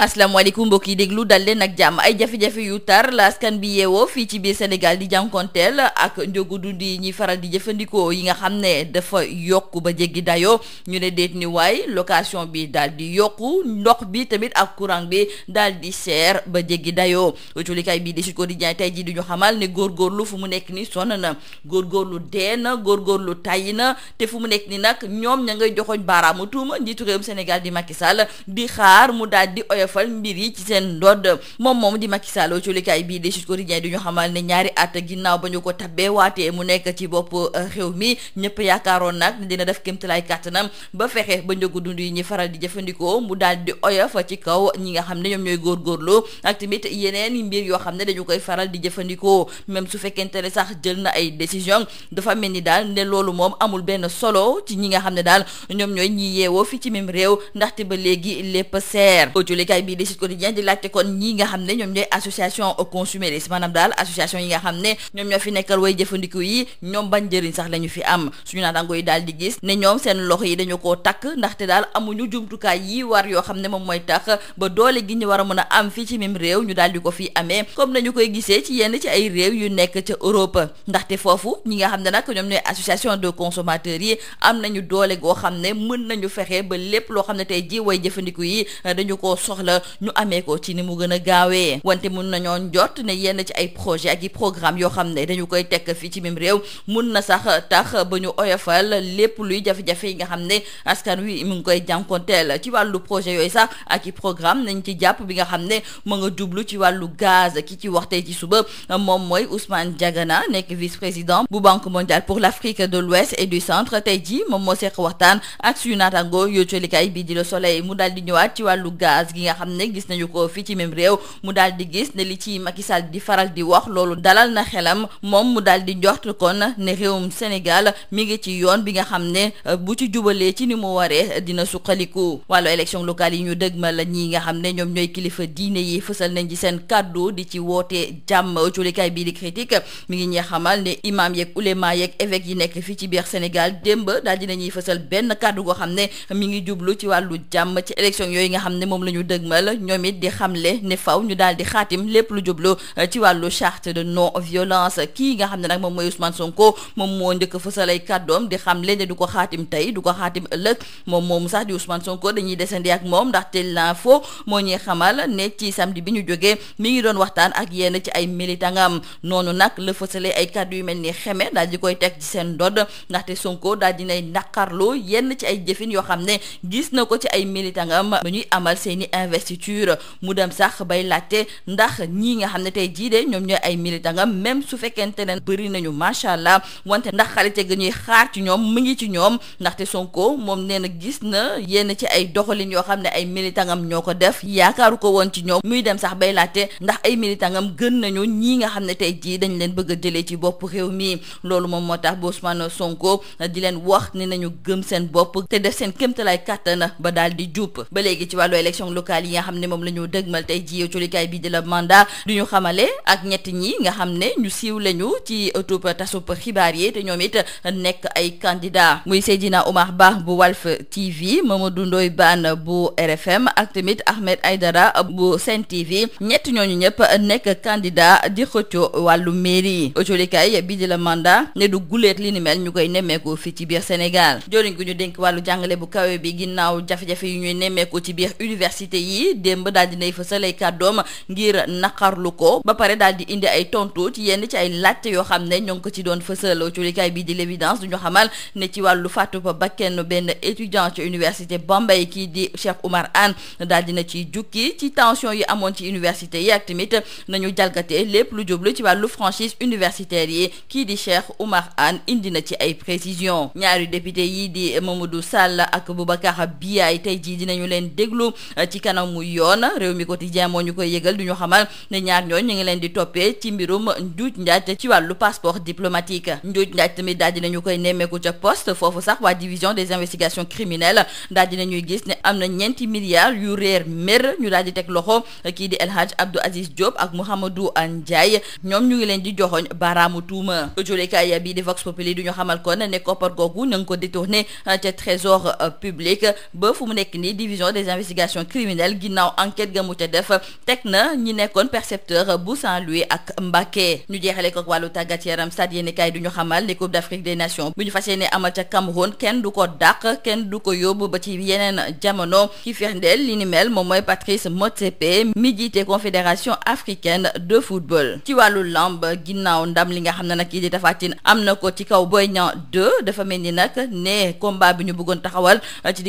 asalaamaaleykum mbokk yi déglu dal leen nag jàmm ay jafe-jafe yu tar la askan bi yeewoo fii ci biir Sénégal di jànkonteel ak njogu dund yi ñuy faral di jëfandikoo yi nga xam ne dafa yokk ba jéggi dayoo ñu ne déet ni waay location bi dal di yokku ndox bi tamit ak courant bi daal di seer ba jéggi dayoo culikaay bii di Sud Quotidien tey jii di ñu xamal ne góor góorgóorlu fu mu nekk ni sonn na góor góorgóorlu dee na góorgóorlu tàyyi na te fu mu nekk ni nag ñoom ña ngay joxoñ baaraamu tuuma njiitu réewum Sénégal di Macky di xaar mu oyofal mbir yi ci seen ndodd moom moom di Macky Sall culikaay bii di Sud Quotidien di ñu xamal ne ñaari at ginnaaw ba ñu ko tabbee waatee mu nekk ci bopp euh, réew mi ñëpp yaakaaroon nag dina def kémtalaay kàttanam ba fexe ba njëgu dund yi ñu faral di jëfandikoo mu daal di oyof ci kaw ñi nga xam ne ñoom ñooy góorgóorlu ak tamit yeneen mbir yoo xam ne dañu koy faral di jëfandikoo même su fekkente ne sax jël na ay décision dafa mel ni daal ne loolu moom amul benn solo ci ñi nga xam ne daal yéenekaay bii di Sud di laajte kon ñi nga xam ne ñoom ñooy association consumériste maanaam daal association yi nga xam ne ñoom ñoo fi nekkal way jëfandiku yi ñoom ban njëriñ sax daal di yi a a nga xam ne ñoom ñooy association de consommateurs yi am nañu doole goo xam ne mën nañu fexe ba lépp loo xam ne tey ji way jëfandiku yi dañu koo soxla la ñu amee ko ci ni mu gën a gaawee wante mun nañoo njot ne yenn ci ay projet ak i programme yoo xam ne dañu koy tekk fii ci même réew mun na sax tax ba ñu oyofal lépp luy jafe-jafe yi nga xam ne askan wi mu ngi koy jànkonteel ci wàllu projet yooyu sax ak i programme nañ ci jàpp bi nga xam ne mu nga jublu ci wàllu gaz ki ci waxte ci suba moom mooy Ousmane Diagana nekk vice-président bu Banque mondiale pour l'Afrique de l'Ouest et du centre tey ji moom moo seq waxtaan ak suñu naataango yoo colikaay bii di Le Soleil mu daal di ñëwaat xam ne gis nañu ko fii ci meem réew mu daal di gis ne li ci Macky Sall di faral di wax loolu dalal na xelam moom mu daal di jort kon ne réewum Sénégal mi ngi ci yoon bi nga xam ne euh, bu ci jubalee ci ni mu waree dina suqaliku wàllu élection locale yi ñu dëgmal la ñi nga xam ne ñoom ñooy kilifa diine yi fësal nañ ci seen kàddu di ci woote jàmm culikaay bii di critique mu ngi ñee xamal ne imam yeeg ulema yeeg évêque yi nekk fii ci biir Sénégal démb daal dinañuy fësal benn kàddu goo xam ne mi ngi jublu ci wàllu jàmm ci élection yooyu nga xam ne moom la ñu dëgmal ñoom it di xamle ne faw ñu daal di xaatim lépp lu jublu eh, ci wàllu charte de non violence kii nga xam ne nag moom mooy Ousmane Sonko moom moo njëkk fësal ay kàddoom di xamle ne du ko xaatim tey du ko xaatim ëllëg moom moomu sax di Ousmane Sonko dañuy desandi ak moom ndaxte l'info moo ñuy xamal ne ci samedi bi ñu jógee mi ngi doon waxtaan ak yenn ci ay militangam noonu nag la fësale ay kàddu yu mel ni xeme daal di koy teg ci seen ndodd ndaxte Sonko daal dinay naqarlu yenn ci ay jëfin yoo xam ne gis na ko ci investiture mu dem sax bay laajte ndax ñii nga xam ne tey jii de ñoom ñooy ay militant nga même su fekkente neen bëri nañu macha allah wante ndax qualité gi ñuy xaar ci ñoom mu ngi ci ñoom ndaxte Sonko moom nee na gis na yenn ci ay doxalin yoo xam ne ay militangam ñoo ko def yaakaaru ko woon ci ñoom muy dem sax bay laajte ndax ay militangam gën nañu ñii nga xam ne tey jii dañ leen bëgg a ci boppu réew mi loolu moom moo tax ba Ousmane Sonko di leen wax ne nañu gëm seen bopp te def seen kéemtalaay kàttan ba daal di ci wàllu élection locales yi nga xam ne moom la ñu dëgmal tey ji colikaay bi di la mandat du ñu xamale ak ñett ñi nga xam ne ñu siiw lañu ci ëttub tasub xibaar yi te ñoom it nekk ay candidat muy Seydina Oumar Ba bu Walf TV Mamadou Ndoye Bane bu RFM ak tamit Ahmed Aydara bu Sen TV ñett ñooñu ñëpp nekk candidat di xëcco wàllu mairie colikaay bi di la mandat ne du guleet li ni mel ñu koy nemmeeku fii ci biir Sénégal joriñ gu ñu dénk wàllu jàngale bu kawe yi démb daal di nay fësal ay kàddoom ngir naqarlu ko ba pare daal indi ay tontu ci yenn ci ay laajte yoo xam ne ñoo ngi ko ci doon fësal culikaay bii di l'évidence du ñu xamal ne ci wàllu fàttu ba bakken benn étudiant ci université Bambey kii di Cheikh Oumar Anne di na ci jukki ci tension yi amoon ci université yi ak tamit nañu jalgatee lépp lu jublu ci wàllu franchise universitaire yi kii di Cheikh Oumar Anne indi na ci ay précision ñaari député yi di Mamadou tey jii dinañu leen déglu ci kanam anamu yoon réew mi quotidien moo ñu koy yëgal du ñu xamal ne ñaar ñooñ ñu ngi leen di toppee ci mbirum njuuj njaaj ci wàllu passeport diplomatique njuuj njaaj tamit daal dina ñu koy nemmeeku ca poste foofu sax waa division des investigations criminelles daal dina ñuy gis ne am na ñeenti milliards yu réer mer ñu daal di teg loxo kii di El Hadj Abdou Aziz Diop ak Mouhamadou Ndiaye ñoom ñu ngi leen di joxoñ baaraamu tuuma jolekaay bi di Vox Populi du ñu xamal kon ne koppar googu na nga ko détourné ca trésor public ba fu mu nekk mel ginnaaw enquête ga mu ca def teg na ñi nekkoon percepteur bu Saint-Louis ak Mbacké ñu jeexale ko wàllu tàggat yaram stade yéeni kaay du ñu xamal ni Coupe d'Afrique de Nations bu ñu fas yéene amal ca Cameroun kenn du ko dàq kenn du ko yóbbu ba ci yeneen jamono ki ndeel li ni mel moom mooy Patrice Motsepe mi jiite Confédération africaine de football ci wàllu lamb ginnaaw ndam li nga xam ne nag kii di Tapha Tine am na ko ci kaw Boy Niang 2 dafa mel ni nag ne combat bi ñu bëggoon taxawal ci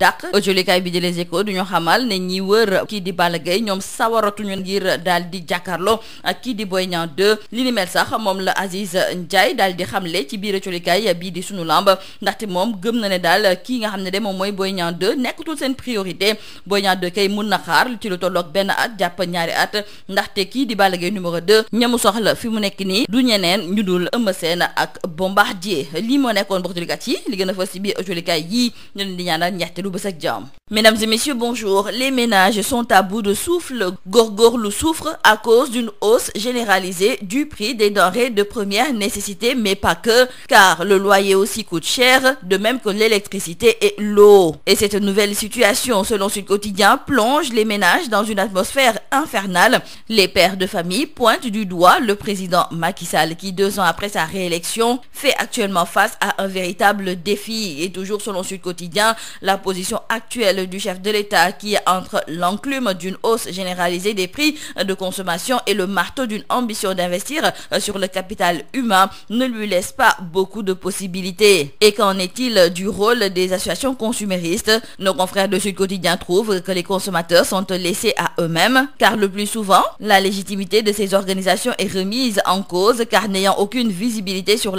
dàq jolikaay bi di Les du ñu xamal ne ñi wër kii di Balla Gaye ñoom sawaratuñu ngir daal di jàkkaarloo ak kii di Boy Niang 2 li sax moom la Aziz Ndiaye daal di xamle ci biir jolikaay bii di sunu lamb ndaxte moom gëm na ne daal kii nga xam ne de moom mooy Boy Niang 2 nekkatul seen priorité Boy Niang 2 kay mun na xaar ci lu tolloog benn at jàpp ñaari at ndaxte kii di Balla Gaye numéro 2 ñamu soxla fi mu nekk nii du ñeneen ñu dul Eumeu seen ak Bombardier lii moo nekkoon bokk jolikat yi li gën a fës ci biir jolikaay yii ñu leen di ñaanal ñeexte dugg ba sa jàmm Mesdames et messieurs, bonjour. Les ménages sont à bout de souffle. Gorgorlou souffre à cause d'une hausse généralisée du prix des denrées de première nécessité, mais pas que, car le loyer aussi coûte cher, de même que l'électricité et l'eau. Et cette nouvelle situation, selon Sud Quotidien, plonge les ménages dans une atmosphère infernale. Les pères de famille pointent du doigt le président Macky Sall, qui deux ans après sa réélection, fait actuellement face à un véritable défi. Et toujours position actuelle celle du chef de l'État qui est entre l'enclume d'une hausse généralisée des prix de consommation et le marteau d'une ambition d'investir euh, sur le capital humain ne lui laisse pas beaucoup de possibilités. Et qu'en est-il du rôle des associations consuméristes Nos confrères de Sud Quotidien trouvent que les consommateurs sont laissés à eux-mêmes car le plus souvent, la légitimité de ces organisations est remise en cause car n'ayant aucune visibilité sur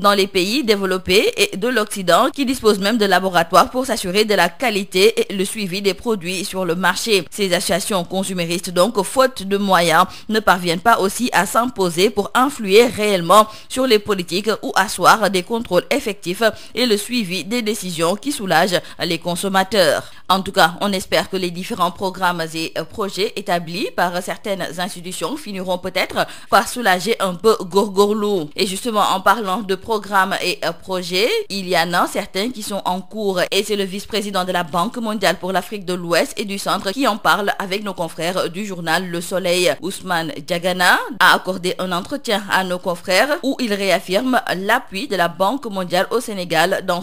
dans les pays développés et de l'Occident qui disposent même de laboratoires pour s'assurer de la qualité et le suivi des produits sur le marché. Ces associations consuméristes donc, faute de moyens, ne parviennent pas aussi à s'imposer pour influer réellement sur les politiques ou asseoir des contrôles effectifs et le suivi des décisions qui soulagent les consommateurs. En tout cas, on espère que les différents programmes et euh, projets établis par certaines institutions finiront peut-être par soulager un peu Gorgorlou. Et justement, en parlant de programmes et euh, projets, il y en a certains qui sont en cours et c'est le vice-président de la Banque mondiale pour l'Afrique de l'Ouest et du Centre qui en parle avec nos confrères du journal Le Soleil. Ousmane Diagana a accordé un entretien à nos confrères où il réaffirme l'appui la Banque mondiale au Sénégal dans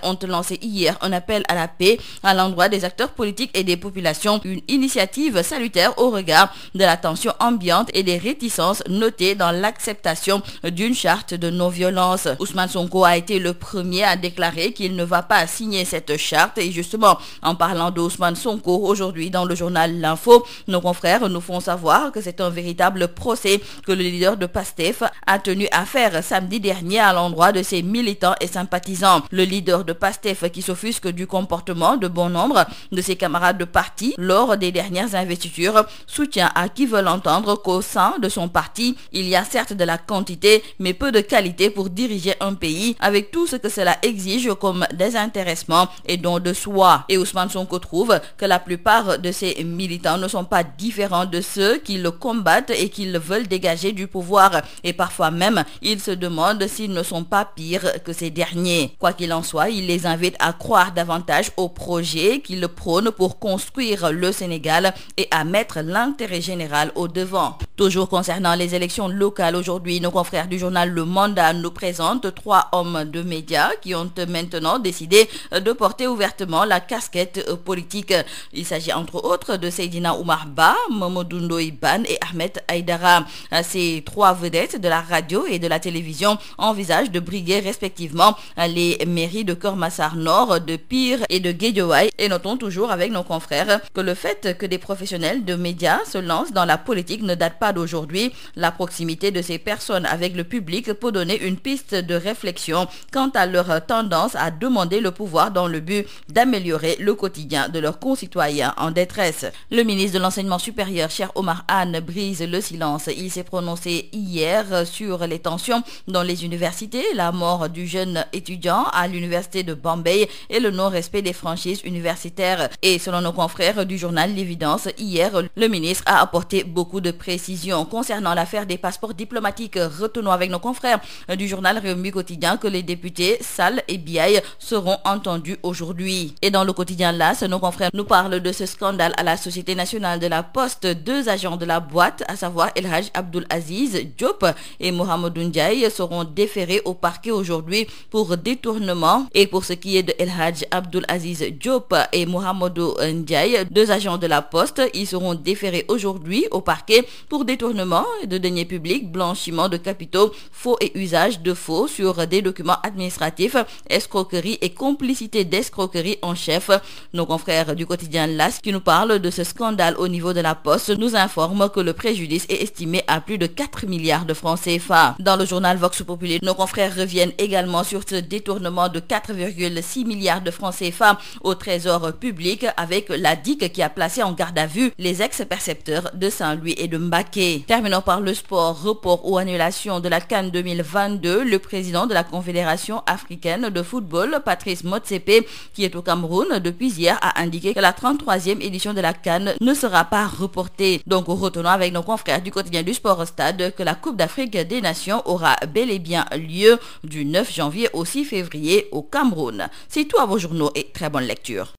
ont lancé hier un appel à la paix à l'endroit des acteurs politiques et des populations, une initiative salutaire au regard de la ambiante et des réticences notées dans l'acceptation d'une charte de non-violence. Ousmane Sonko a été le premier à déclarer qu'il ne va pas signer cette charte et justement, en parlant d'Ousmane Sonko aujourd'hui dans le journal L'Info, nos confrères nous font savoir que c'est un véritable procès que a de ses militants et sympathisants. Le leader de de PASTEF qui s'offusque du comportement de bon nombre de ses camarades de parti lors des dernières investitures, soutient à qui veulent entendre qu'au sein de son parti, il y a certes de la quantité, mais peu de qualité pour diriger un pays avec tout ce que cela exige comme désintéressement et don de soi. Et Ousmane Sonko trouve que la plupart de ses militants ne sont pas différents de ceux qui le combattent et qui veulent dégager du pouvoir. Il les invite à croire davantage au projet qu'il prône pour construire le Sénégal et à mettre l'intérêt général au devant. Toujours concernant les élections locales, aujourd'hui, nos confrères du journal Le Mandat nous présentent trois hommes de médias qui ont maintenant décidé de porter ouvertement la casquette politique. Il s'agit entre autres de Seydina Oumar Ba, Mamadou Ndoye Bane et Ahmed Aïdara. Ces trois vedettes de la radio et de la télévision Kër Massar Nord, de Pire et de Guédiawaye. Et notons toujours avec nos confrères que le fait que des professionnels de médias se lancent dans la politique ne date pas d'aujourd'hui. La proximité de ces personnes avec le public peut donner une piste de réflexion quant à leur tendance à demander le pouvoir dans le but d'améliorer le quotidien de leurs concitoyens en détresse. Le ministre de l'Enseignement supérieur, cher Omar Anne, brise le silence. Il s'est l'université de Bombay et le non-respect des franchises universitaires. Et selon nos confrères du journal L'Évidence, hier, le ministre a apporté beaucoup de précisions concernant l'affaire des passeports diplomatiques. Retenons avec nos confrères du journal Réumi Quotidien que les députés Sall et Biaï seront entendus aujourd'hui. Et dans le quotidien LAS, nos confrères nous parlent de ce scandale à la Société nationale de la Poste. Deux agents de la boîte, à savoir pour ce qui est de El Hadj Abdul Aziz Diop et Mohamedou Ndiaye, deux agents de la Poste, ils seront déférés aujourd'hui au parquet pour détournement de deniers publics, blanchiment de capitaux, faux et usage de faux sur des documents administratifs, escroquerie et complicité d'escroquerie en chef. Nos confrères du quotidien LAS qui nous parlent de ce scandale au niveau de la Poste nous informent que le préjudice est estimé à plus de milliards de francs 1,6 milliard de francs CFA au trésor public avec la DIC qui a placé en garde à vue les ex-percepteurs de Saint-Louis et de Mbaké. Terminons par le sport, report ou annulation de la Cannes Le président de la Confédération africaine de football, Patrice Motsepe, qui est au Cameroun depuis hier, a indiqué que la 33e édition de la Cannes ne sera pas reportée. Donc retenons avec nos confrères du quotidien du sport stade que la Coupe d'Afrique Cameroun. C'est tout à vos journaux et très bonne lecture.